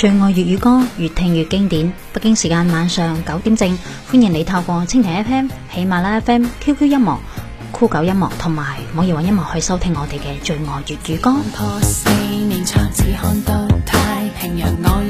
醉愛粵語歌，越聽越經典。北京時間晚上九點正，歡迎你透過蜻蜓 FM、喜馬拉雅 FM、QQ 音樂、酷狗音樂同埋網易雲音樂去收聽我哋嘅醉愛粵語歌。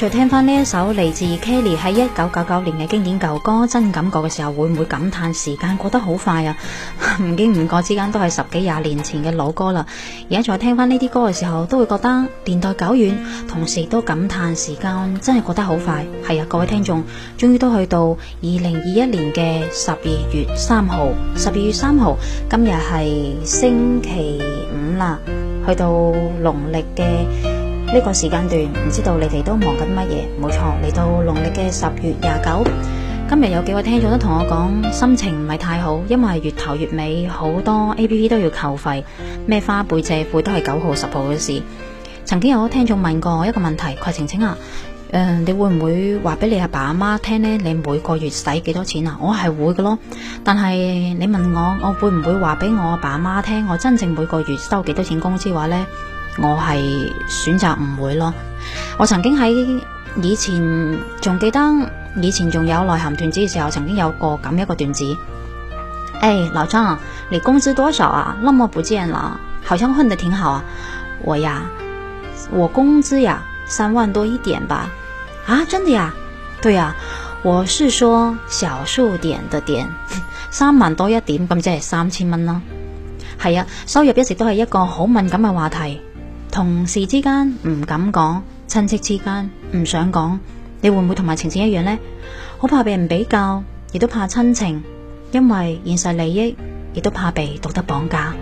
再聽翻呢一首嚟自 Kelly 喺一九九九年嘅經典舊歌，真感覺嘅時候會唔會感嘆時間過得好快啊？唔 經唔覺之間都係十幾廿年前嘅老歌啦。而家再聽翻呢啲歌嘅時候，都會覺得年代久遠，同時都感嘆時間真係過得好快。係啊，各位聽眾，終於都去到二零二一年嘅十二月三號，十二月三號，今日係星期五啦，去到農曆嘅。呢個時間段唔知道你哋都忙緊乜嘢？冇錯，嚟到農曆嘅十月廿九，今日有幾位聽眾都同我講心情唔係太好，因為月頭月尾好多 A P P 都要扣費，咩花唄、借唄都係九號、十號嘅事。曾經有位聽眾問過我一個問題，係晴晴啊，誒、呃，你會唔會話俾你阿爸阿媽聽呢？你每個月使幾多錢啊？我係會㗎咯，但係你問我，我會唔會話俾我阿爸阿媽聽我真正每個月收幾多錢工資嘅話咧？我係選擇唔會咯。我曾經喺以前，仲記得以前仲有內涵段子嘅時候，曾經有過咁一個段子。誒、欸，老張，你工資多少啊？那麼不見了，好像混得挺好啊。我呀，我工資呀三萬多一點吧。啊，真的呀？對呀、啊，我是說小數點的點三萬多一點，咁即係三千蚊咯。係啊，收入一直都係一個好敏感嘅話題。同事之間唔敢講，親戚之間唔想講，你會唔會同埋情情一樣呢？好怕被人比較，亦都怕親情，因為現實利益，亦都怕被道德綁架。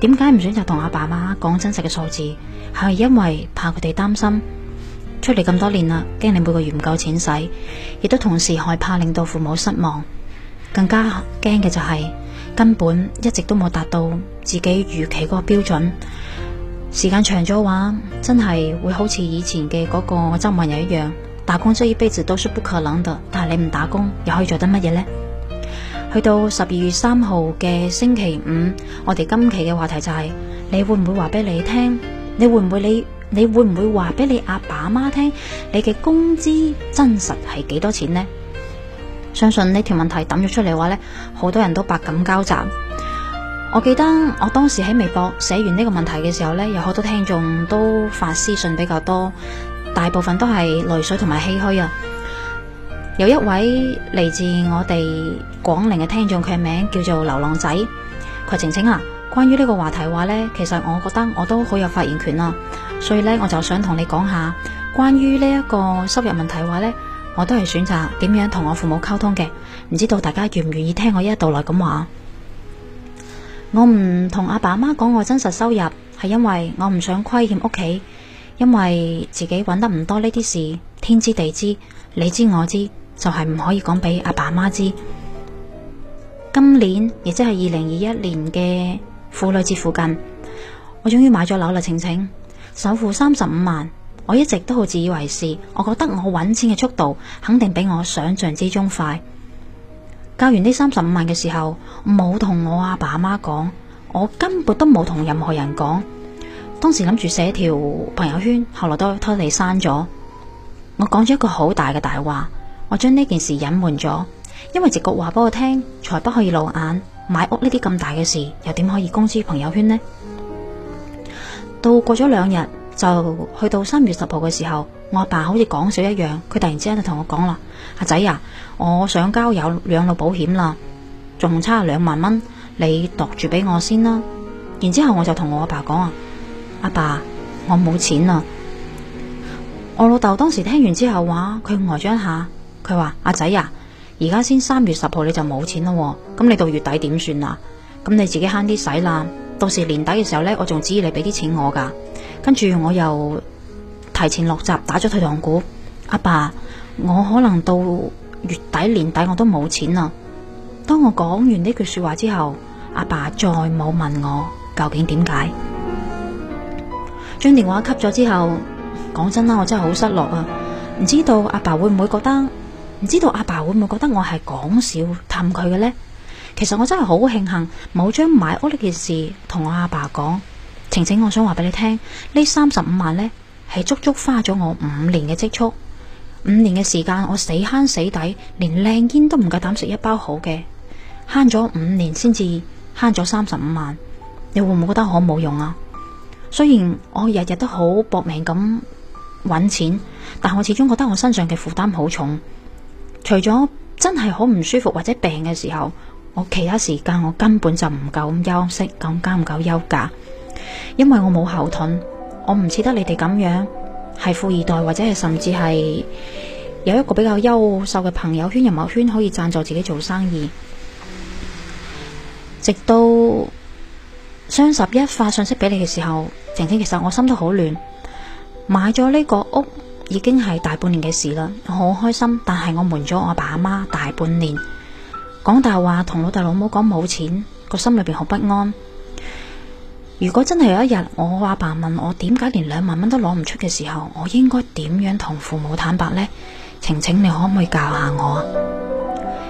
點解唔選擇同阿爸媽講真實嘅數字？係因為怕佢哋擔心，出嚟咁多年啦，驚你每個月唔夠錢使，亦都同時害怕令到父母失望，更加驚嘅就係根本一直都冇達到自己預期嗰個標準。時間長咗話，真係會好似以前嘅嗰個周文人一樣，打工追一輩子都是不可能的。但係你唔打工，又可以做得乜嘢呢？去到十二月三號嘅星期五，我哋今期嘅話題就係、是，你會唔會話俾你聽？你會唔會你你會唔會話俾你阿爸阿媽聽？你嘅工資真實係幾多錢呢？相信呢條問題抌咗出嚟嘅話咧，好多人都百感交集。我記得我當時喺微博寫完呢個問題嘅時候呢，有好多聽眾都發私信比較多，大部分都係淚水同埋唏噓啊。有一位嚟自我哋廣寧嘅聽眾，佢嘅名叫做流浪仔，佢晴晴啊。關於呢個話題話呢，其實我覺得我都好有發言權啦、啊，所以呢，我就想同你講下關於呢一個收入問題話呢，我都係選擇點樣同我父母溝通嘅，唔知道大家願唔願意聽我一一道來咁話。我唔同阿爸阿媽講我真實收入，係因為我唔想虧欠屋企，因為自己揾得唔多呢啲事，天知地知，你知我知，就係唔可以講俾阿爸阿媽知。今年亦即係二零二一年嘅婦女節附近，我終於買咗樓啦，晴晴，首付三十五萬。我一直都好自以為是，我覺得我揾錢嘅速度肯定比我想象之中快。交完呢三十五萬嘅時候，冇同我阿爸阿媽講，我根本都冇同任何人講。當時諗住寫條朋友圈，後來都偷偷哋刪咗。我講咗一個好大嘅大話，我將呢件事隱瞞咗，因為直覺話俾我聽，財不可以露眼，買屋呢啲咁大嘅事，又點可以公之於朋友圈呢？到過咗兩日。就去到三月十號嘅時候，我阿爸好似講笑一樣，佢突然之間就同我講啦：阿仔啊，我想交有養老保險啦，仲差兩萬蚊，你度住俾我先啦。然之後我就同我阿爸講啊：阿爸，我冇錢啦。我老豆當時聽完之後話，佢呆咗一下，佢話：阿仔啊，而家先三月十號，你就冇錢啦喎，咁你到月底點算啊？咁你自己慳啲使啦。到時年底嘅時候呢，我仲指意你俾啲錢我噶，跟住我又提前落閘打咗退堂鼓。阿爸，我可能到月底年底我都冇錢啦。當我講完呢句說話之後，阿爸再冇問我究竟點解將電話吸咗之後，講真啦，我真係好失落啊！唔知道阿爸會唔會覺得，唔知道阿爸會唔會覺得我係講笑氹佢嘅呢？其實我真係好慶幸冇將買屋呢件事同我阿爸講。晴晴，我想話俾你聽，呢三十五萬呢係足足花咗我五年嘅積蓄，五年嘅時間我死慳死抵，連靚煙都唔夠膽食一包好嘅，慳咗五年先至慳咗三十五萬。你會唔會覺得好冇用啊？雖然我日日都好搏命咁揾錢，但我始終覺得我身上嘅負擔好重，除咗真係好唔舒服或者病嘅時候。我其他時間我根本就唔夠咁休息，更加唔夠休假，因為我冇後盾，我唔似得你哋咁樣，係富二代或者係甚至係有一個比較優秀嘅朋友圈、人脈圈可以贊助自己做生意。直到雙十一發信息俾你嘅時候，婷婷，其實我心都好亂。買咗呢個屋已經係大半年嘅事啦，我好開心，但係我瞞咗我阿爸阿媽大半年。講大話同老豆老母講冇錢，個心裏邊好不安。如果真係有一日我阿爸，爸問我點解連兩萬蚊都攞唔出嘅時候，我應該點樣同父母坦白呢？晴晴，你可唔可以教下我啊？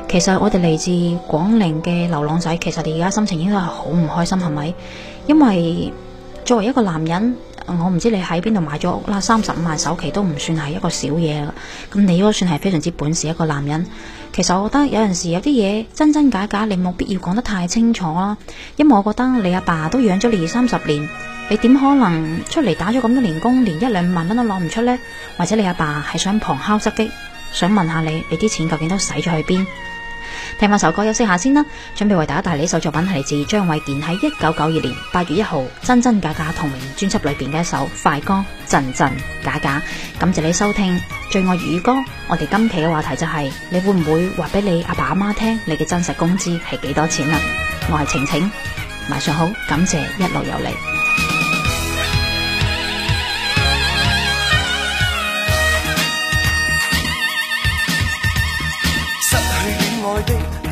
其實我哋嚟自廣寧嘅流浪仔，其實你而家心情應該係好唔開心，係咪？因為作為一個男人。我唔知你喺邊度買咗屋啦，三十五萬首期都唔算係一個小嘢啦。咁你應該算係非常之本事一個男人。其實我覺得有陣時有啲嘢真真假假，你冇必要講得太清楚啦。因為我覺得你阿爸都養咗你三十年，你點可能出嚟打咗咁多年工，連一兩萬蚊都攞唔出呢？或者你阿爸係想旁敲側擊，想問下你你啲錢究竟都使咗去邊？聽返首歌休息下先啦，準備為大家帶嚟呢首作品係嚟自張衛健喺一九九二年八月一號《真真假假》同名專輯裏邊嘅一首快歌《真真假假》。感謝你收聽最愛粵語歌，我哋今期嘅話題就係、是、你會唔會話俾你阿爸阿媽聽你嘅真實工資係幾多錢啊？我係晴晴，晚上好，感謝一路有你。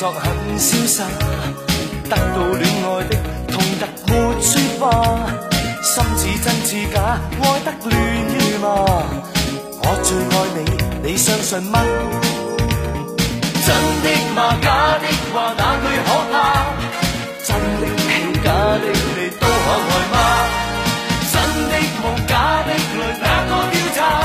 作很瀟灑，得到戀愛的痛得沒催花。心似真似假，愛得亂如麻？我最愛你，你相信嗎？真的嗎？假的話，哪句可怕？真的你，假的你，都可愛，愛嗎？真的夢，假的淚，啊啊啊啊啊啊啊，哪個調查。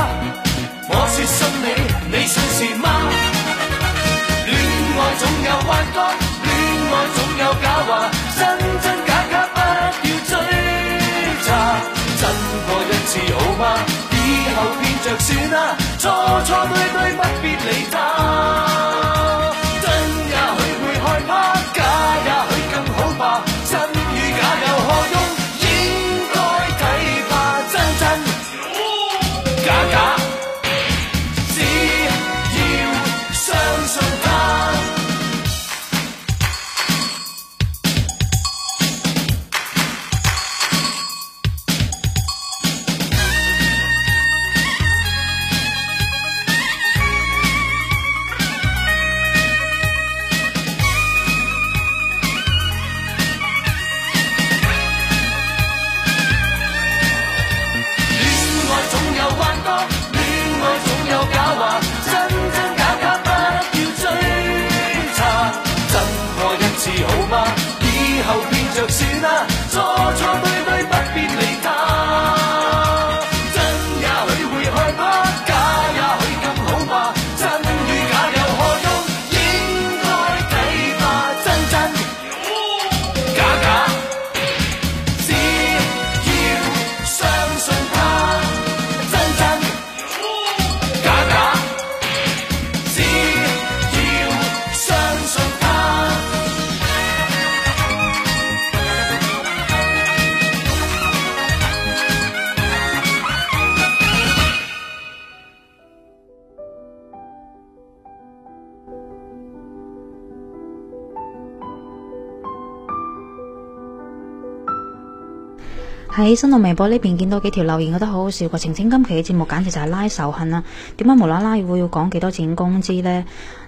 喺新浪微博呢邊見到幾條留言，我覺得好好笑。個晴晴今期嘅節目簡直就係拉仇恨啊！點解無啦啦會要講幾多錢工資呢？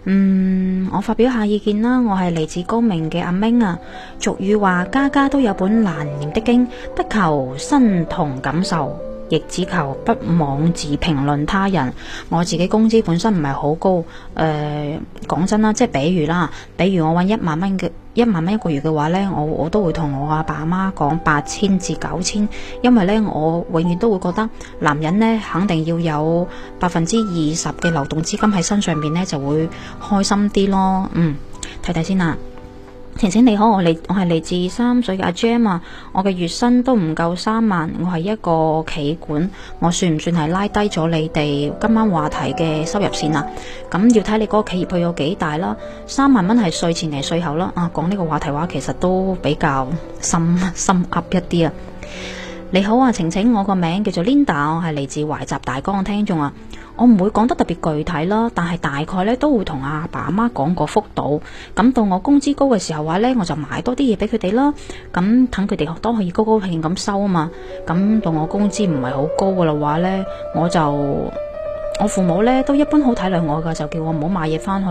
嗯，我發表下意見啦。我係嚟自高明嘅阿明啊。俗語話：家家都有本難念的經，不求身同感受。亦只求不妄自評論他人。我自己工資本身唔係好高，誒、呃，講真啦，即係比如啦，比如我搵一萬蚊嘅一萬蚊一個月嘅話呢，我我都會同我阿爸阿媽講八千至九千，因為呢，我永遠都會覺得男人呢肯定要有百分之二十嘅流動資金喺身上面，呢就會開心啲咯。嗯，睇睇先啦。晴晴你好，我嚟我係嚟自三水嘅阿 Jam 啊，我嘅月薪都唔夠三萬，我係一個企管，我算唔算係拉低咗你哋今晚話題嘅收入線啊？咁要睇你嗰個企業佢有幾大啦，三萬蚊係稅前定稅後啦。啊，講呢個話題話，其實都比較深深入一啲啊。你好啊，晴晴，我個名叫做 Linda，我係嚟自懷集大江嘅聽眾啊。我唔會講得特別具體啦，但係大概咧都會同阿爸阿媽講個幅度，咁到我工資高嘅時候話咧，我就買多啲嘢俾佢哋啦。咁等佢哋都可以高高興興咁收啊嘛。咁到我工資唔係好高嘅話咧，我就我父母咧都一般好體諒我噶，就叫我唔好買嘢翻去。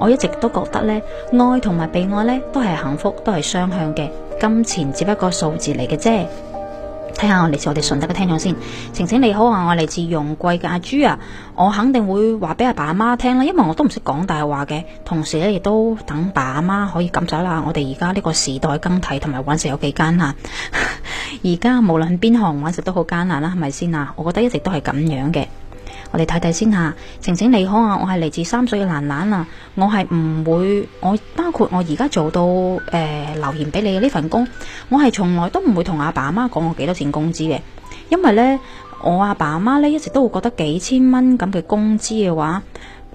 我一直都覺得咧，愛同埋被愛咧都係幸福，都係雙向嘅，金錢只不過數字嚟嘅啫。睇下我嚟自我哋順德嘅聽眾先。晴晴你好啊，我嚟自容桂嘅阿朱啊，我肯定會話俾阿爸阿媽聽啦，因為我都唔識講大話嘅，同時咧亦都等爸阿媽可以感受下我哋而家呢個時代更替同埋揾食有幾艱難，而 家無論邊行揾食都好艱難啦，係咪先啊？我覺得一直都係咁樣嘅。我哋睇睇先吓，晴晴你好啊，我係嚟自三歲嘅蘭蘭啊。我係唔會我包括我而家做到誒、呃、留言俾你嘅呢份工，我係從來都唔會同阿爸阿媽講我幾多錢工資嘅，因為呢，我阿爸阿媽呢一直都會覺得幾千蚊咁嘅工資嘅話，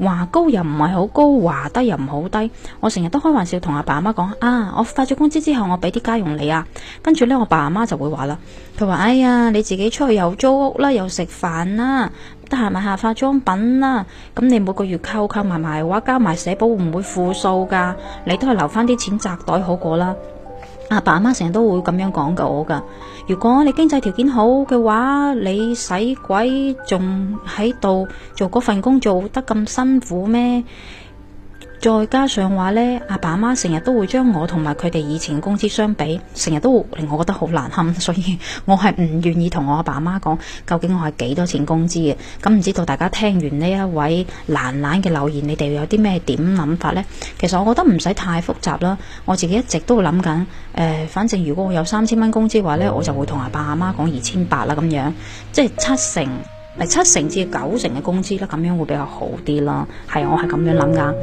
話高又唔係好高，話低又唔好低。我成日都開玩笑同阿爸阿媽講啊，我發咗工資之後，我俾啲家用你啊。跟住呢，我爸阿媽就會話啦，佢話哎呀，你自己出去又租屋啦，又食飯啦。得閒買下化妝品啦，咁你每個月扣扣埋埋，話交埋社保會唔會負數噶？你都係留翻啲錢紮袋好過啦。阿爸阿媽成日都會咁樣講我噶。如果你經濟條件好嘅話，你使鬼仲喺度做嗰份工做得咁辛苦咩？再加上話呢，阿爸阿媽成日都會將我同埋佢哋以前嘅工資相比，成日都會令我覺得好難堪，所以我係唔願意同我阿爸阿媽講究竟我係幾多錢工資嘅。咁唔知道大家聽完呢一位蘭蘭嘅留言，你哋有啲咩點諗法呢？其實我覺得唔使太複雜啦，我自己一直都諗緊，誒、呃，反正如果我有三千蚊工資嘅話呢，我就會同阿爸阿媽講二千八啦咁樣，即係七成係七成至九成嘅工資啦，咁樣會比較好啲啦，係我係咁樣諗噶。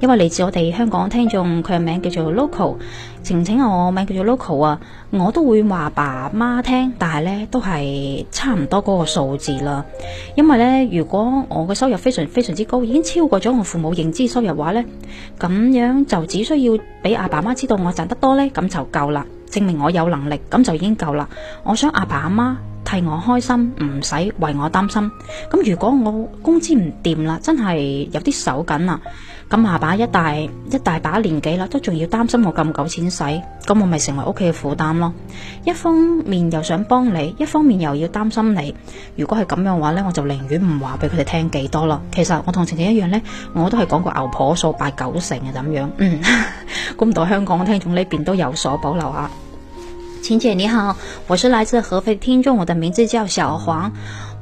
因為嚟自我哋香港聽眾，佢嘅名叫做 Local，晴晴我名叫做 Local 啊，我都會話爸媽聽，但係呢都係差唔多嗰個數字啦。因為呢，如果我嘅收入非常非常之高，已經超過咗我父母認知收入話呢，咁樣就只需要俾阿爸媽知道我賺得多呢，咁就夠啦，證明我有能力，咁就已經夠啦。我想阿爸阿媽替我開心，唔使為我擔心。咁如果我工資唔掂啦，真係有啲手緊啦。咁阿爸一大一大把年紀啦，都仲要擔心我咁久錢使，咁我咪成為屋企嘅負擔咯。一方面又想幫你，一方面又要擔心你。如果係咁樣嘅話咧，我就寧願唔話俾佢哋聽幾多啦。其實我同晴晴一樣呢，我都係講個牛婆數八九成嘅咁樣。嗯，估唔到 香港聽眾呢邊都有所保留啊。晴姐你好，我是來自合肥聽眾，我的名字叫小黃。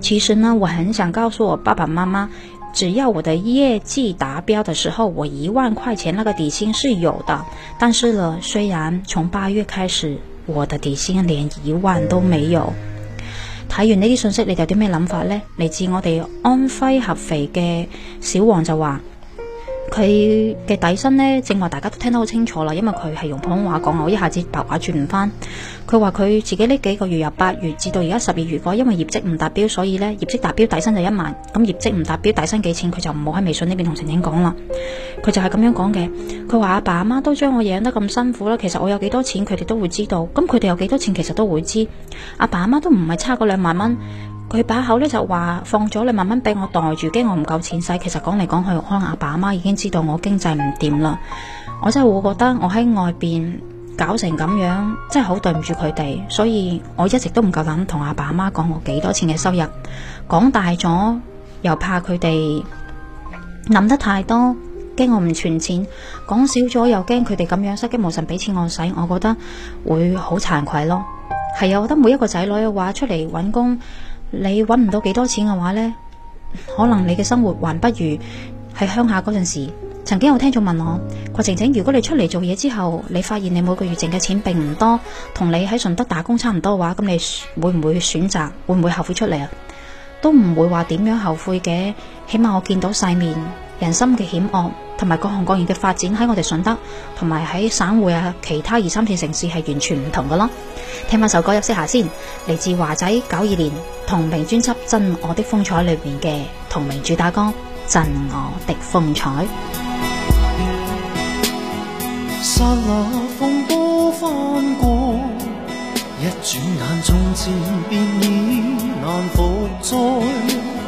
其實呢，我很想告訴我爸爸媽媽，只要我的業績達標的時候，我一萬塊錢那個底薪是有的。但是呢，雖然從八月開始，我的底薪連一萬都沒有。睇完呢啲信息，你有啲咩諗法呢？嚟自我哋安徽合肥嘅小王就話。佢嘅底薪呢，正話大家都聽得好清楚啦，因為佢係用普通話講，我一下子白話轉唔翻。佢話佢自己呢幾個月由八月至到而家十二月，果因為業績唔達標，所以呢業績達標底薪就一萬，咁業績唔達標底薪幾錢？佢就唔好喺微信呢邊同晴成講啦。佢就係咁樣講嘅。佢話阿爸阿媽都將我養得咁辛苦啦，其實我有幾多錢，佢哋都會知道。咁佢哋有幾多錢，其實都會知。阿爸阿媽都唔係差嗰兩萬蚊。佢把口咧就話放咗，你慢慢俾我袋住，驚我唔夠錢使。其實講嚟講去，我阿爸阿媽已經知道我經濟唔掂啦。我真係會覺得我喺外邊搞成咁樣，真係好對唔住佢哋。所以我一直都唔夠膽同阿爸阿媽講我幾多錢嘅收入。講大咗又怕佢哋諗得太多，驚我唔存錢；講少咗又驚佢哋咁樣，失驚無神俾錢我使。我覺得會好慚愧咯。係啊，我覺得每一個仔女嘅話出嚟揾工。你揾唔到幾多錢嘅話呢？可能你嘅生活還不如喺鄉下嗰陣時。曾經有聽眾問我：郭晴晴，如果你出嚟做嘢之後，你發現你每個月剩嘅錢並唔多，同你喺順德打工差唔多嘅話，咁你會唔會選擇？會唔會後悔出嚟啊？都唔會話點樣後悔嘅，起碼我見到晒面。人心嘅險惡同埋各行各業嘅發展喺我哋順德同埋喺省會啊，其他二三線城市係完全唔同㗎咯。聽返首歌休息下先，嚟自華仔九二年同名專輯《真我的風采》裏面嘅同名主打歌《真我的風采》。剎那風波翻過，一轉眼從前便已難復再。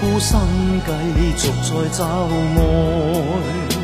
孤身繼續在找愛。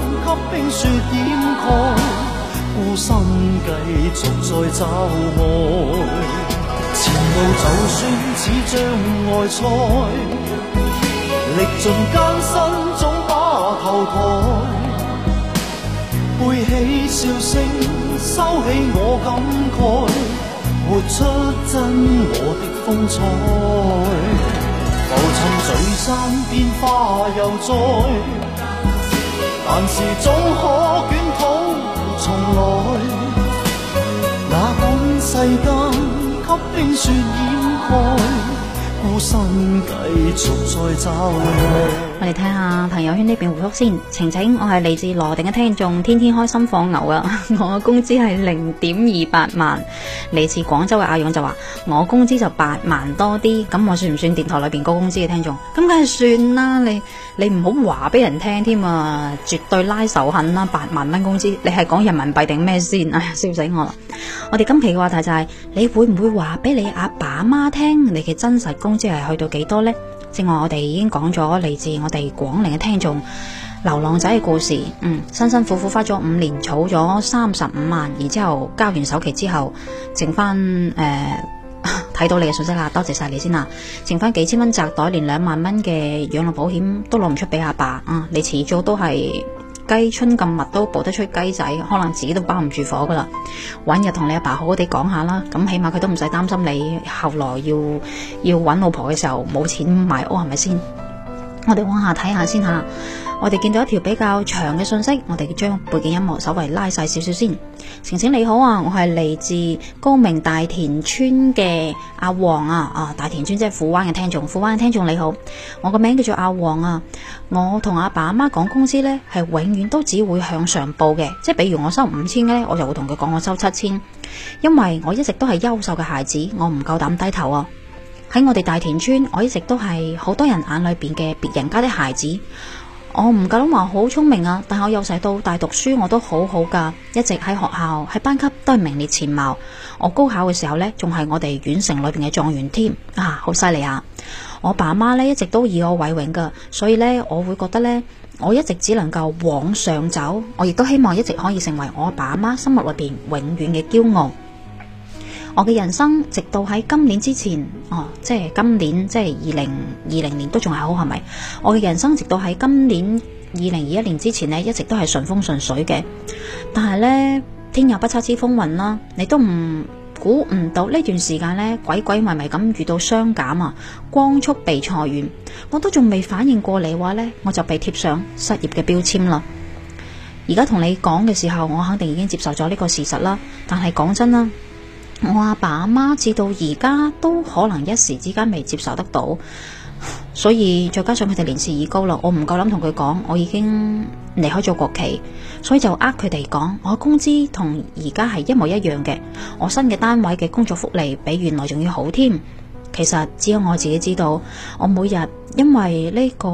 冰雪掩蓋，孤身繼續再找愛。前路就算似障礙賽，歷盡艱辛總把頭抬。背起笑聲，收起我感慨，活出真我的風采。浮沉聚散變化又再。凡事總可捲土重來，哪管世間給冰雪掩蓋，孤身繼續再找愛。我哋睇下朋友圈呢邊回覆先。晴晴，我係嚟自羅定嘅聽眾，天天開心放牛啊。 我嘅工資係零點二八萬。嚟 自廣州嘅阿勇就話：我工資就八萬多啲。咁我算唔算電台裏邊高工資嘅聽眾？咁梗係算啦。你你唔好話俾人聽添啊，絕對拉仇恨啦。八萬蚊工資，你係講人民幣定咩先？唉， 笑死我啦！ 我哋今期嘅話題就係、是：你會唔會話俾你阿爸阿媽聽你嘅真實工資係去到幾多呢？正話我哋已經講咗嚟自我哋廣寧嘅聽眾流浪仔嘅故事，嗯，辛辛苦苦花咗五年，儲咗三十五萬，然之後交完首期之後，剩翻誒，睇、呃、到你嘅信息啦，多謝晒你先啦，剩翻幾千蚊紮袋，連兩萬蚊嘅養老保險都攞唔出俾阿爸，爸，啊、嗯，你遲早都係。雞春咁密都捕得出雞仔，可能自己都包唔住火噶啦。揾日同你阿爸爸好好地講下啦，咁起碼佢都唔使擔心你後來要要揾老婆嘅時候冇錢買屋，係咪先？我哋往下睇下先吓。我哋見到一條比較長嘅信息，我哋將背景音樂稍微拉細少少先。晴晴你好啊，我係嚟自高明大田村嘅阿黃啊。啊，大田村即係富灣嘅聽眾，富灣嘅聽眾你好，我個名叫做阿黃啊。我同阿爸阿媽，媽講工資呢係永遠都只會向上報嘅，即係比如我收五千嘅呢，我就會同佢講我收七千，因為我一直都係優秀嘅孩子，我唔夠膽低頭啊。喺我哋大田村，我一直都係好多人眼裏邊嘅別人家的孩子。我唔敢話好聰明啊，但係我由細到大讀書我都好好噶，一直喺學校喺班級都係名列前茅。我高考嘅時候呢，仲係我哋縣城裏邊嘅狀元添啊，好犀利啊！我爸媽呢一直都以我為榮噶，所以呢，我會覺得呢，我一直只能夠往上走，我亦都希望一直可以成為我爸媽心目裏邊永遠嘅驕傲。我嘅人生直到喺今年之前，哦，即係今年，即係二零二零年都仲係好，係咪？我嘅人生直到喺今年二零二一年之前呢，一直都係順風順水嘅。但係呢，天有不測之風雲啦，啊，你都唔估唔到呢段時間呢，鬼鬼迷迷咁遇到雙減啊，光速被裁員，我都仲未反應過嚟話呢，我就被貼上失業嘅標籤啦。而家同你講嘅時候，我肯定已經接受咗呢個事實啦。但係講真啦。我阿爸阿媽至到而家都可能一時之間未接受得到，所以再加上佢哋年事已高啦，我唔夠膽同佢講，我已經離開咗國企，所以就呃佢哋講，我嘅工資同而家係一模一樣嘅，我新嘅單位嘅工作福利比原來仲要好添。其實只有我自己知道，我每日因為呢個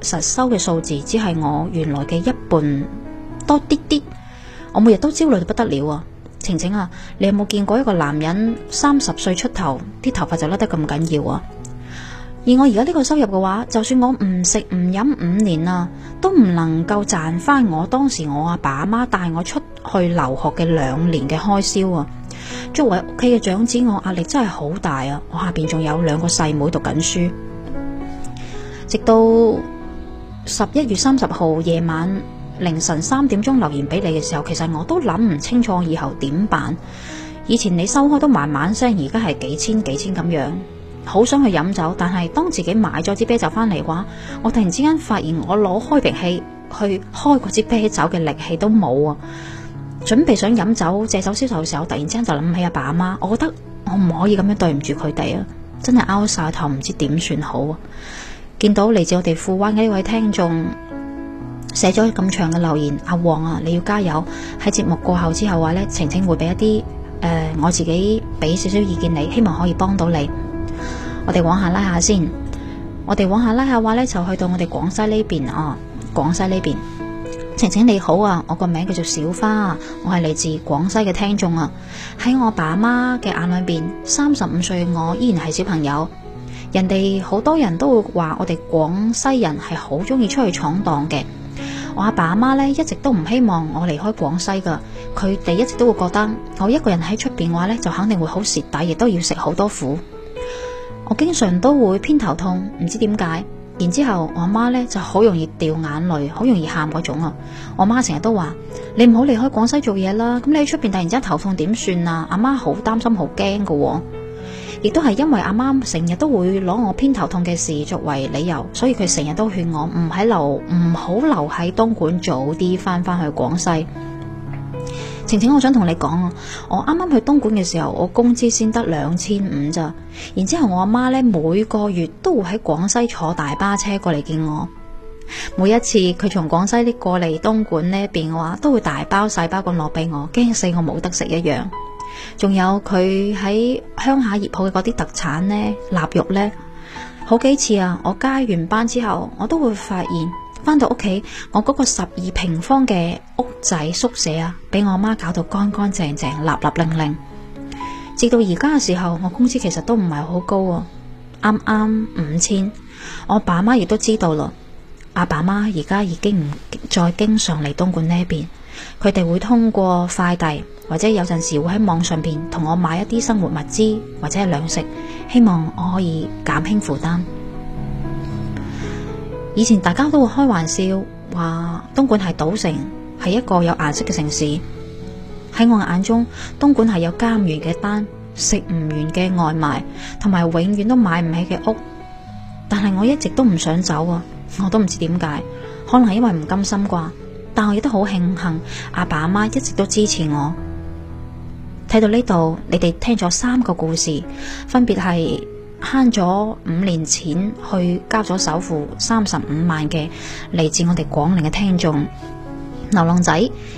實收嘅數字只係我原來嘅一半多啲啲，我每日都焦慮到不得了。啊。晴晴啊，你有冇見過一個男人三十歲出頭，啲頭髮就甩得咁緊要啊？而我而家呢個收入嘅話，就算我唔食唔飲五年啊，都唔能夠賺翻我當時我阿爸阿媽帶我出去留學嘅兩年嘅開銷啊！作為屋企嘅長子，我壓力真係好大啊！我下邊仲有兩個細妹讀緊書，直到十一月三十號夜晚。凌晨三點鐘留言俾你嘅時候，其實我都諗唔清楚以後點辦。以前你收開都慢慢聲，而家係幾千幾千咁樣，好想去飲酒，但係當自己買咗支啤酒翻嚟嘅話，我突然之間發現我攞開瓶器去開嗰支啤酒嘅力氣都冇啊！準備想飲酒借酒消愁嘅時候，突然之間就諗起阿爸阿媽，我覺得我唔可以咁樣對唔住佢哋啊！真係拗晒頭，唔知點算好。啊。見到嚟自我哋富灣嘅呢位聽眾。寫咗咁長嘅留言，阿、啊、王啊，你要加油。喺節目過後之後話呢，晴晴會俾一啲誒、呃，我自己俾少少意見你，希望可以幫到你。我哋往下拉下先，我哋往下拉下話呢，就去到我哋廣西呢邊啊。廣西呢邊，晴晴你好啊，我個名叫做小花、啊，我係嚟自廣西嘅聽眾啊。喺我爸媽嘅眼裏邊，三十五歲我依然係小朋友。人哋好多人都會話，我哋廣西人係好中意出去闖蕩嘅。我阿爸阿媽咧一直都唔希望我離開廣西噶，佢哋一直都會覺得我一個人喺出邊嘅話咧就肯定會好蝕底，亦都要食好多苦。我經常都會偏頭痛，唔知點解。然之後我阿媽咧就好容易掉眼淚，好容易喊嗰種啊。我媽成日都話：你唔好離開廣西做嘢啦，咁你喺出邊突然之間頭痛點算啊？阿媽好擔心，好驚噶。亦都係因為阿媽成日都會攞我偏頭痛嘅事作為理由，所以佢成日都勸我唔喺留，唔好留喺東莞，早啲翻返去廣西。晴晴，我想同你講啊，我啱啱去東莞嘅時候，我工資先得兩千五咋？然之後我阿媽呢，每個月都會喺廣西坐大巴車過嚟見我，每一次佢從廣西咧過嚟東莞呢邊嘅話，都會大包細包咁攞俾我，驚死我冇得食一樣。仲有佢喺鄉下熱鋪嘅嗰啲特產呢，臘肉呢。好幾次啊，我加完班之後，我都會發現翻到屋企，我嗰個十二平方嘅屋仔宿舍啊，俾我媽搞到乾乾淨淨，立立零零。直到而家嘅時候，我工資其實都唔係好高啊，啱啱五千。我爸媽亦都知道咯，阿爸媽而家已經唔再經常嚟東莞呢邊。佢哋會通過快遞，或者有陣時會喺網上邊同我買一啲生活物資，或者係糧食，希望我可以減輕負擔。以前大家都會開玩笑話，東莞係賭城，係一個有顏色嘅城市。喺我眼中，東莞係有加唔完嘅單，食唔完嘅外賣，同埋永遠都買唔起嘅屋。但係我一直都唔想走啊，我都唔知點解，可能係因為唔甘心啩。但我亦都好慶幸阿爸阿媽一直都支持我。睇到呢度，你哋聽咗三個故事，分別係慳咗五年錢去交咗首付三十五萬嘅嚟自我哋廣寧嘅聽眾流浪仔，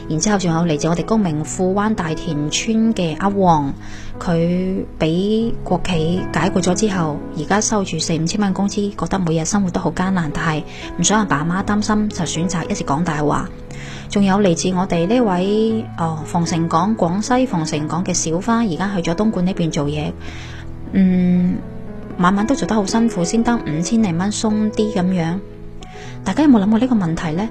然之後仲有嚟自我哋高明富灣大田村嘅阿王，佢俾國企解雇咗之後，而家收住四五千蚊工資，覺得每日生活都好艱難，但係唔想阿爸阿媽擔心，就選擇一直講大話。仲有嚟自我哋呢位哦，防城港廣西防城港嘅小花，而家去咗東莞呢邊做嘢，嗯，晚晚都做得好辛苦，先得五千零蚊鬆啲咁樣。大家有冇諗過呢個問題咧？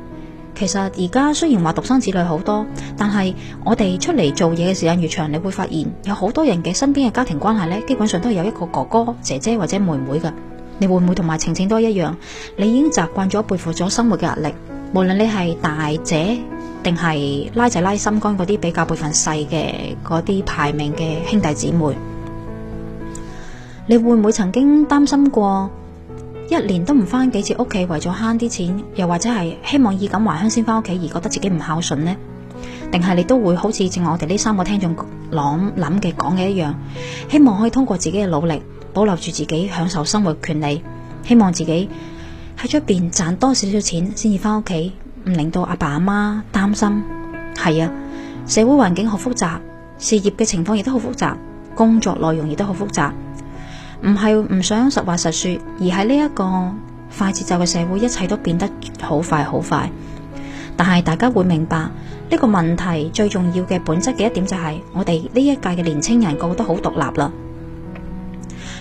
其實而家雖然話獨生子女好多，但係我哋出嚟做嘢嘅時間越長，你會發現有好多人嘅身邊嘅家庭關係咧，基本上都係有一個哥哥、姐姐或者妹妹嘅。你會唔會同埋晴晴都一樣？你已經習慣咗背負咗生活嘅壓力。無論你係大姐，定係拉仔拉心肝嗰啲比較輩份細嘅嗰啲排名嘅兄弟姊妹，你會唔會曾經擔心過一年都唔返幾次屋企，為咗慳啲錢，又或者係希望衣錦還鄉先返屋企，而覺得自己唔孝順呢？定係你都會好似正我哋呢三個聽眾朗諗嘅講嘅一樣，希望可以通過自己嘅努力，保留住自己享受生活嘅權利，希望自己。喺出邊賺多少少錢先至返屋企，唔令到阿爸阿媽擔心。係啊，社會環境好複雜，事業嘅情況亦都好複雜，工作內容亦都好複雜。唔係唔想實話實說，而係呢一個快節奏嘅社會，一切都變得好快好快。但係大家會明白呢個問題最重要嘅本質嘅一點就係我哋呢一屆嘅年青人覺得好獨立啦。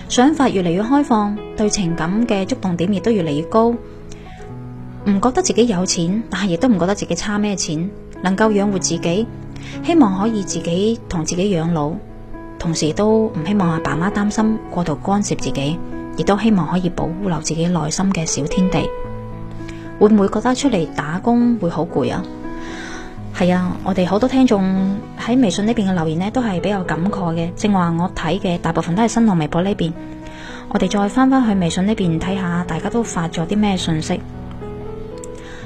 想法越嚟越開放，對情感嘅觸動點亦都越嚟越高，唔覺得自己有錢，但係亦都唔覺得自己差咩錢，能夠養活自己，希望可以自己同自己養老，同時都唔希望阿爸媽擔心過度干涉自己，亦都希望可以保留自己內心嘅小天地。會唔會覺得出嚟打工會好攰啊？係啊，我哋好多聽眾。喺微信呢邊嘅留言呢都係比較感慨嘅。正話我睇嘅大部分都係新浪微博呢邊，我哋再翻返去微信呢邊睇下，看看大家都發咗啲咩信息。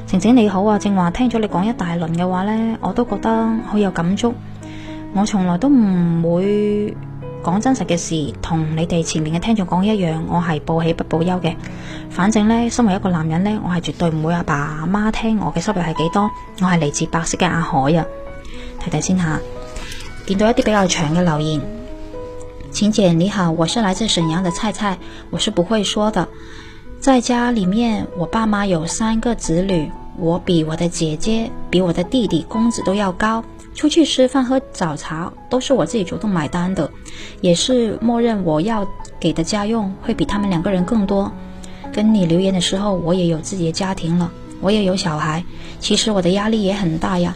晴晴你好啊，正話聽咗你講一大輪嘅話呢，我都覺得好有感觸。我從來都唔會講真實嘅事，同你哋前面嘅聽眾講一樣，我係報喜不報憂嘅。反正呢，身為一個男人呢，我係絕對唔會阿爸阿媽聽我嘅收入係幾多，我係嚟自白色嘅阿海啊。睇睇先吓，頂多一啲比較長的留言。琴姐你好，我是來自瀋陽的菜菜，我是不會說的。在家裏面，我爸媽有三個子女，我比我的姐姐、比我的弟弟，工資都要高。出去吃飯、喝早茶，都是我自己主動買單的，也是默認我要給的家用會比他們兩個人更多。跟你留言的時候，我也有自己的家庭了，我也有小孩，其實我的壓力也很大呀。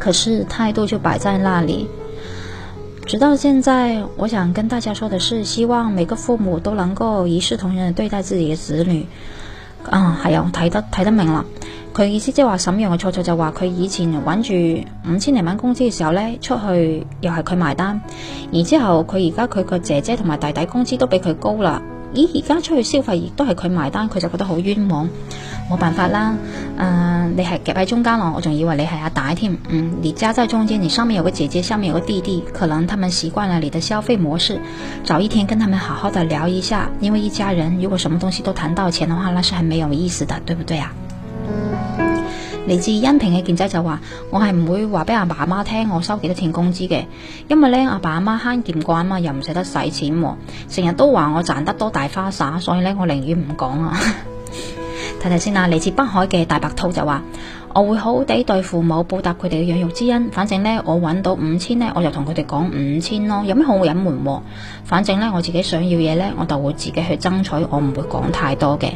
可是態度就擺在那裏，直到現在，我想跟大家說的是，希望每個父母都能夠一視同仁對待自己嘅子女。啊，係、哎、啊，睇得睇得明啦，佢意思即係話沈陽嘅錯錯就話佢以前揾住五千零蚊工資嘅時候咧，出去又係佢埋單，然之後佢而家佢個姐姐同埋弟弟工資都比佢高啦。咦，而家出去消費亦都係佢埋單，佢就覺得好冤枉，冇辦法啦。誒、呃，你係夾喺中間咯，我仲以為你係阿弟添。嗯，你夾在中間，你上面有個姐姐，下面有個弟弟，可能他們習慣了你的消費模式。找一天跟他們好好的聊一下，因為一家人如果什麼東西都談到錢的話，那是很沒有意思的，對不對啊？嚟自恩平嘅健仔就話：我係唔會話俾阿爸阿媽聽我收幾多錢工資嘅，因為呢阿爸阿媽慳儉慣啊嘛，又唔捨得使錢，成日都話我賺得多大花灑，所以呢我寧願唔講啊。睇 睇先啦，嚟自北海嘅大白兔就話：我會好好地對父母報答佢哋嘅養育之恩，反正呢，我揾到五千呢，我就同佢哋講五千咯，有咩好隱瞞喎？反正呢，我自己想要嘢呢，我就會自己去爭取，我唔會講太多嘅。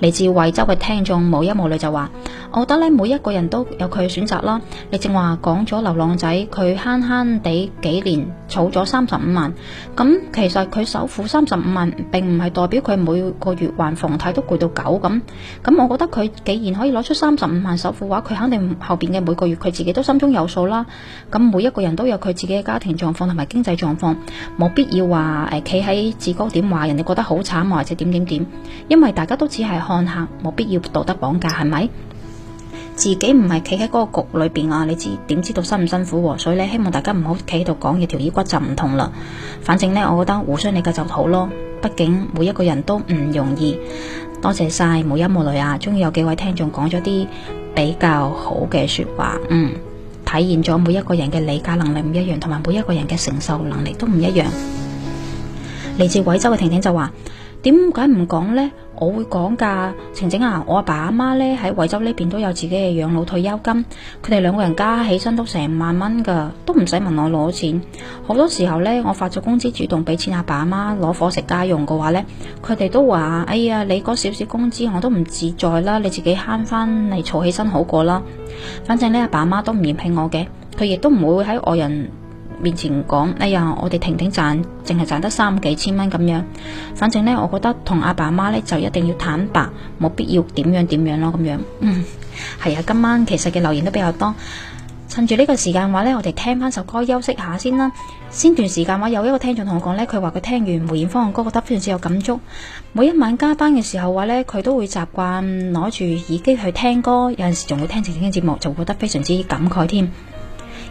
嚟自惠州嘅聽眾無一無二就話：我覺得咧每一個人都有佢嘅選擇啦。你正話講咗流浪仔，佢慳慳地幾年儲咗三十五萬，咁、嗯、其實佢首付三十五萬，並唔係代表佢每個月還房貸都攰到狗咁。咁、嗯嗯、我覺得佢既然可以攞出三十五萬首付嘅話，佢肯定後邊嘅每個月佢自己都心中有數啦。咁、嗯、每一個人都有佢自己嘅家庭狀況同埋經濟狀況，冇必要話誒企喺制高點話人哋覺得好慘或者點點點，因為大家都只係。係看客，冇必要道德綁架，係咪？自己唔係企喺嗰個局裏邊啊，你知點知道辛唔辛苦？所以咧，希望大家唔好企喺度講嘢，條腰骨就唔痛啦。反正呢，我覺得互相理解就好咯。畢竟每一個人都唔容易。多謝晒，無憂無慮啊！終於有幾位聽眾講咗啲比較好嘅說話，嗯，體現咗每一個人嘅理解能力唔一樣，同埋每一個人嘅承受能力都唔一樣。嚟自惠州嘅婷婷就話：「點解唔講呢？」我會講噶，晴晴啊，我阿爸阿媽呢喺惠州呢邊都有自己嘅養老退休金，佢哋兩個人加起身都成萬蚊噶，都唔使問我攞錢。好多時候呢，我發咗工資主動俾錢阿爸阿媽攞伙食家用嘅話呢，佢哋都話：哎呀，你嗰少少工資我都唔自在啦，你自己慳翻嚟儲起身好過啦。反正呢，阿爸阿媽都唔嫌棄我嘅，佢亦都唔會喺外人面前講，哎呀，我哋婷婷賺淨係賺得三幾千蚊咁樣。反正呢，我覺得同阿爸阿媽呢，就一定要坦白，冇必要點樣點樣咯咁樣。嗯，係啊，今晚其實嘅留言都比較多，趁住呢個時間話呢，我哋聽翻首歌休息下先啦。先段時間話有一個聽眾同我講呢，佢話佢聽完梅艷芳嘅歌，覺得非常之有感觸。每一晚加班嘅時候話呢，佢都會習慣攞住耳機去聽歌，有陣時仲會聽婷婷嘅節目，就會覺得非常之感慨添。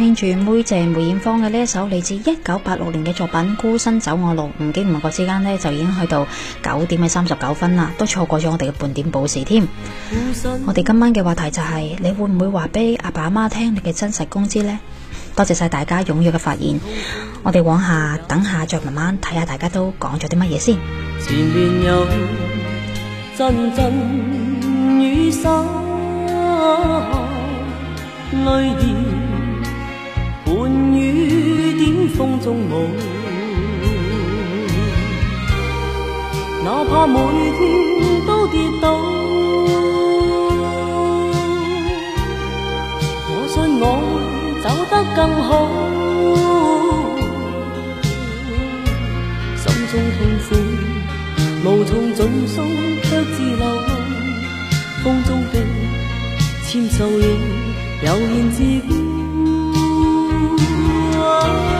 聽住梅姐梅艷芳嘅呢一首嚟自一九八六年嘅作品《孤身走我路》，唔經唔覺之間咧就已經去到九點嘅三十九分啦，都錯過咗我哋嘅半點報時添。我哋今晚嘅話題就係你會唔會話俾阿爸阿媽聽你嘅真實工資咧？多謝晒大家踴躍嘅發言，我哋往下，等下再慢慢睇下大家都講咗啲乜嘢先。風中舞，哪怕每天都跌倒，我信我走得更好。心中痛苦無從盡訴，卻自流。風中的千愁怨，悠然自顧。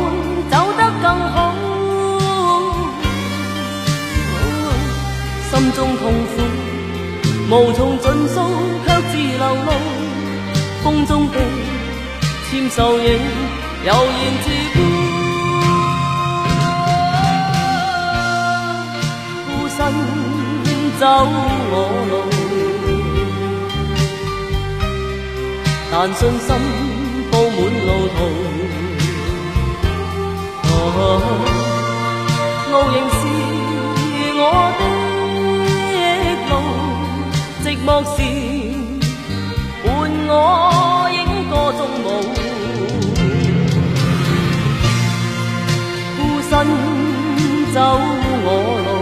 心中痛苦，無從盡訴，卻自流露。風中的纖瘦影，悠然自顧。孤身走我路，但信心布滿路途。啊、哦，來伴我影中孤身走我我路。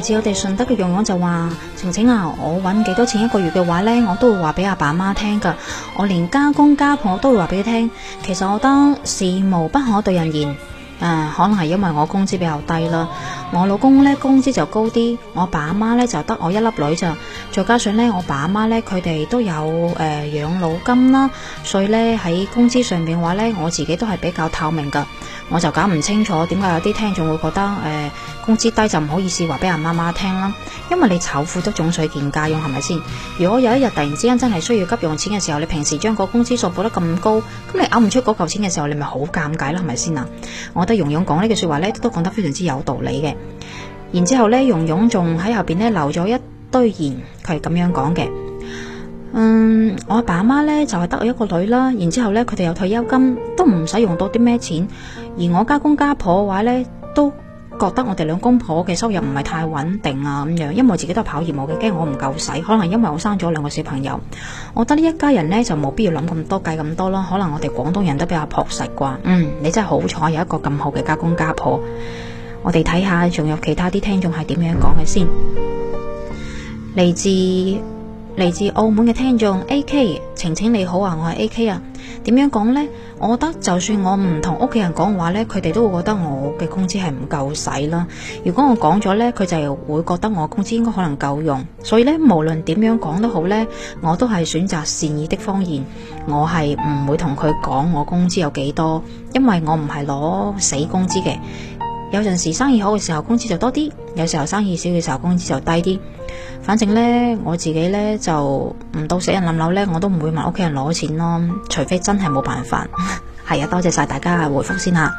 知我哋順德嘅洋洋就話：晴晴啊，我搵幾多錢一個月嘅話呢？我都會話俾阿爸阿媽聽噶，我連家公家婆都會話俾佢聽。其實我覺得事無不可對人言。嗯、可能係因為我工資比較低啦，我老公咧工資就高啲，我爸阿媽咧就得我一粒女咋，再加上咧我爸阿媽咧佢哋都有誒、呃、養老金啦，所以咧喺工資上面話咧我自己都係比較透明噶。我就搞唔清楚，點解有啲聽眾會覺得誒、呃，工資低就唔好意思話俾阿媽媽聽啦？因為你炒富都種水見家用，係咪先？如果有一日突然之間真係需要急用錢嘅時候，你平時將個工資數報得咁高，咁你嘔唔出嗰嚿錢嘅時候，你咪好尷尬啦，係咪先啊？我覺得蓉蓉講呢句說話咧，都講得非常之有道理嘅。然之後咧，蓉蓉仲喺後邊咧留咗一堆言，佢係咁樣講嘅。嗯，我阿爸阿媽呢就係得我一個女啦，然之後呢佢哋有退休金，都唔使用到啲咩錢。而我家公家婆嘅話呢，都覺得我哋兩公婆嘅收入唔係太穩定啊咁樣，因為我自己都係跑業務嘅，驚我唔夠使。可能因為我生咗兩個小朋友，我覺得呢一家人呢，就冇必要諗咁多計咁多咯。可能我哋廣東人都比較樸實啩。嗯，你真係好彩有一個咁好嘅家公家婆。我哋睇下仲有其他啲聽眾係點樣講嘅先，嚟自。嚟自澳門嘅聽眾 AK，晴晴你好啊，我係 AK 啊，點樣講呢？我覺得就算我唔同屋企人講話呢，佢哋都會覺得我嘅工資係唔夠使啦。如果我講咗呢，佢就會覺得我工資應該可能夠用。所以呢，無論點樣講都好呢，我都係選擇善意的謊言。我係唔會同佢講我工資有幾多，因為我唔係攞死工資嘅。有陣時生意好嘅時候工資就多啲，有時候生意少嘅時候工資就低啲。反正呢，我自己呢，就唔到死人冧樓呢，我都唔會問屋企人攞錢咯。除非真係冇辦法。係 啊，多謝晒大家嘅回覆先吓。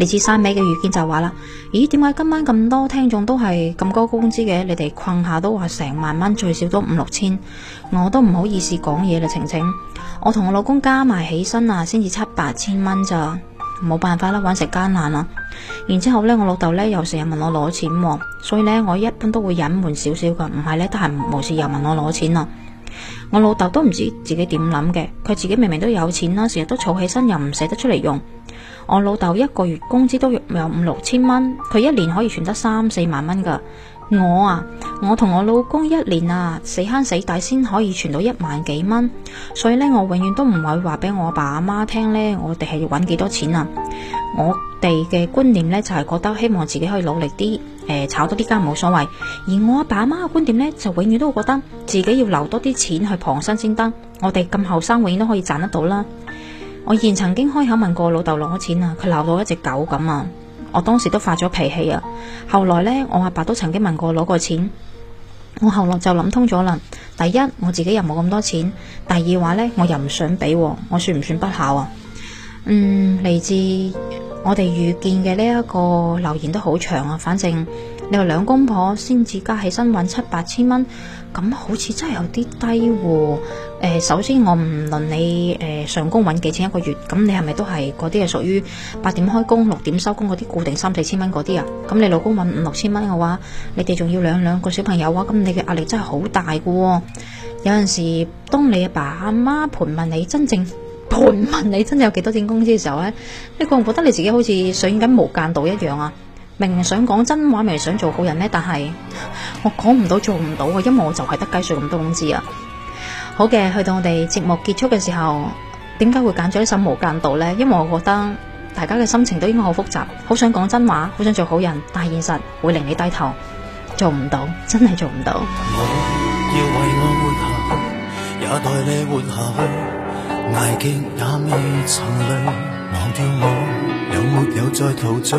嚟自山尾嘅意見就話啦：咦，點解今晚咁多聽眾都係咁高工資嘅？你哋困下都話成萬蚊，最少都五六千，我都唔好意思講嘢啦，晴晴，我同我老公加埋起身啊，先至七八千蚊咋。冇辦法啦，搵食艱難啦。然之後呢，我老豆呢又成日問我攞錢，所以呢，我一般都會隱瞞少少噶。唔係呢，都係無事又問我攞錢啦。我老豆都唔知自己點諗嘅，佢自己明明都有錢啦，成日都儲起身又唔捨得出嚟用。我老豆一個月工資都有五六千蚊，佢一年可以存得三四萬蚊噶。我啊，我同我老公一年啊，死慳死抵先可以存到一萬幾蚊，所以咧，我永遠都唔會話俾我阿爸阿媽聽咧，我哋係要揾幾多錢啊！我哋嘅觀念咧就係、是、覺得希望自己可以努力啲，誒、呃，炒多啲更冇所謂。而我阿爸阿媽嘅觀點咧就永遠都會覺得自己要留多啲錢去傍身先得。我哋咁後生永遠都可以賺得到啦。我以前曾經開口問過老豆攞錢啊，佢鬧到一隻狗咁啊！我當時都發咗脾氣啊！後來呢，我阿爸都曾經問過攞過錢，我後來就諗通咗啦。第一，我自己又冇咁多錢；第二話呢，我又唔想俾，我算唔算不孝啊？嗯，嚟自我哋遇見嘅呢一個留言都好長啊！反正你話兩公婆先至加起身揾七八千蚊。咁好似真係有啲低喎、哦，誒、呃，首先我唔論你誒、呃、上工揾幾錢一個月，咁你係咪都係嗰啲係屬於八點開工六點收工嗰啲固定三四千蚊嗰啲啊？咁你老公揾五六千蚊嘅話，你哋仲要兩兩個小朋友啊，咁你嘅壓力真係好大噶、哦。有陣時當你阿爸阿媽盤問你真正盤問你真係有幾多錢工資嘅時候呢，你覺唔覺得你自己好似上緊無間道一樣啊？明明想講真話，未想做好人呢。但係我講唔到，做唔到嘅，因為我就係得計數咁多工資啊！好嘅，去到我哋節目結束嘅時候，點解會揀咗呢首《無間道》呢？因為我覺得大家嘅心情都應該好複雜，好想講真話，好想做好人，但係現實會令你低頭，做唔到，真係做唔到。我要為我活下去，也代你活下去。捱極也未曾累，忘掉我有沒有再陶醉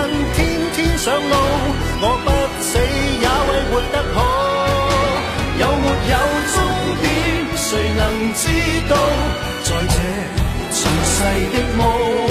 我不死也為活得好，有沒有終點，誰能知道？在這塵世的夢。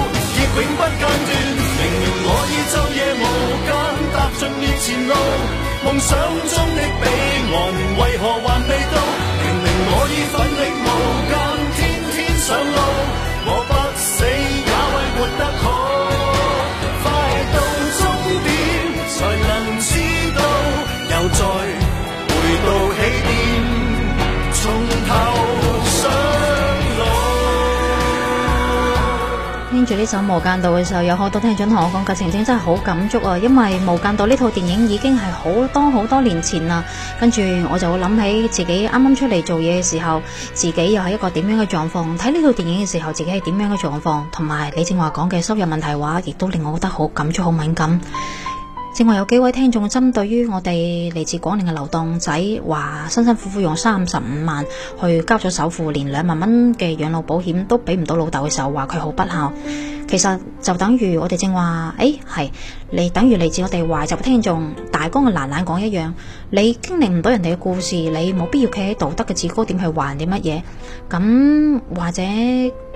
永不間斷，明明我已晝夜無間踏盡面前路，夢想中的彼岸為何還未到？明明我已奮力無間，天天上路，我不死也會活得好。呢首《無間道》嘅時候，有好多聽眾同我講，劇情真係好感觸啊！因為《無間道》呢套電影已經係好多好多年前啦。跟住我就諗起自己啱啱出嚟做嘢嘅時候，自己又係一個點樣嘅狀況？睇呢套電影嘅時候，自己係點樣嘅狀況？同埋你正話講嘅收入問題嘅話，亦都令我覺得好感觸、好敏感。正話有幾位聽眾針對於我哋嚟自廣寧嘅流動仔話辛辛苦苦用三十五萬去交咗首付，連兩萬蚊嘅養老保險都俾唔到老豆嘅時候，話佢好不孝。其實就等於我哋正話，誒、欸、係，你等於嚟自我哋懷舊聽眾大江嘅蘭蘭講一樣，你經歷唔到人哋嘅故事，你冇必要企喺道德嘅至高點去還啲乜嘢。咁或者。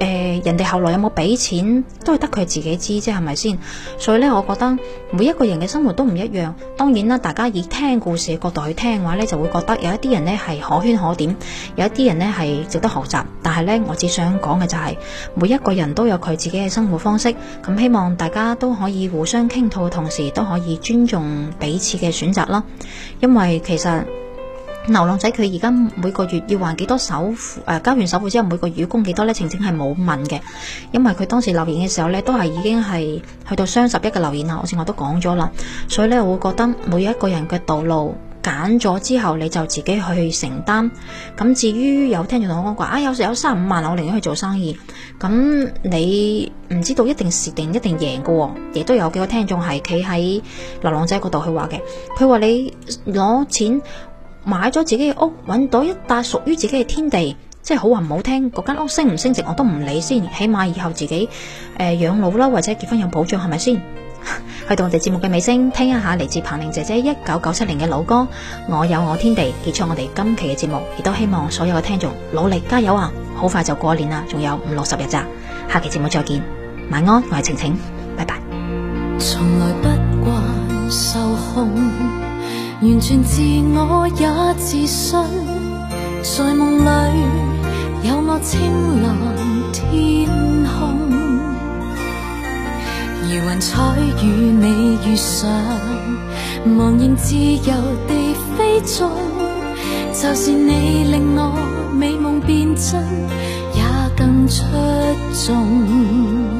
誒，人哋後來有冇俾錢，都係得佢自己知，啫，係咪先？所以呢，我覺得每一個人嘅生活都唔一樣。當然啦，大家以聽故事角度去聽嘅話呢，就會覺得有一啲人呢係可圈可點，有一啲人呢係值得學習。但係呢，我只想講嘅就係每一個人都有佢自己嘅生活方式。咁希望大家都可以互相傾吐，同時都可以尊重彼此嘅選擇啦。因為其實。流浪仔佢而家每個月要還幾多首付？誒、呃、交完首付之後每個月供幾多呢？晴晴係冇問嘅，因為佢當時留言嘅時候呢，都係已經係去到雙十一嘅留言啦。好似我都講咗啦，所以呢，我會覺得每一個人嘅道路揀咗之後，你就自己去承擔。咁、嗯、至於有聽眾同我講話啊，有時有三五萬，我寧願去做生意。咁、嗯、你唔知道一定蝕定一定贏嘅、哦，亦都有幾個聽眾係企喺流浪仔嗰度去話嘅。佢話你攞錢。買咗自己嘅屋，搵到一笪屬於自己嘅天地，即係好話唔好聽，嗰間屋升唔升值我都唔理先，起碼以後自己誒養、呃、老啦，或者結婚有保障係咪先？是是 去到我哋節目嘅尾聲，聽一下嚟自彭玲姐姐一九九七年嘅老歌《我有我天地》，結束我哋今期嘅節目，亦都希望所有嘅聽眾努力加油啊！好快就過年啦，仲有五六十日咋，下期節目再見，晚安，我係晴晴，拜拜。從來不慣受控完全自我也自信，在夢裏有我晴朗天空，如雲彩與你遇上，茫然自由地飛縱，就算你令我美夢變真，也更出眾。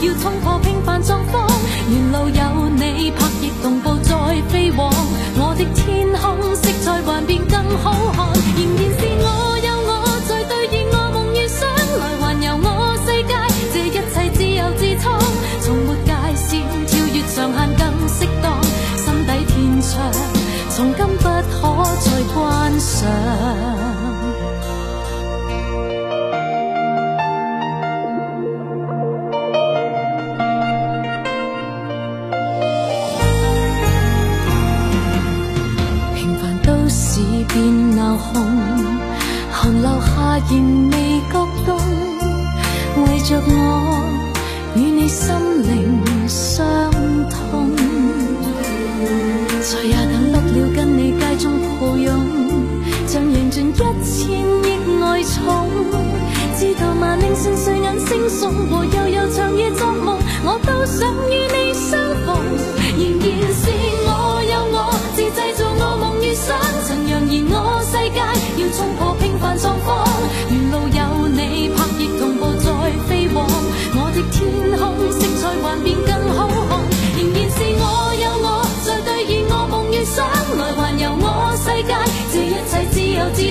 要衝破平凡狀況，沿路有你拍翼同步再飛往我的天空，色彩幻變更好看。仍然是我有我在兌現我夢與想，來環遊我世界，這一切自由自創，從沒界線，跳越上限更適當。心底天窗，從今不可再關上。着我與你心靈相通，再也等不了跟你街中抱擁，像凝盡一千億愛寵，知道萬零晨睡眼惺忪和悠悠長夜作夢，我都想。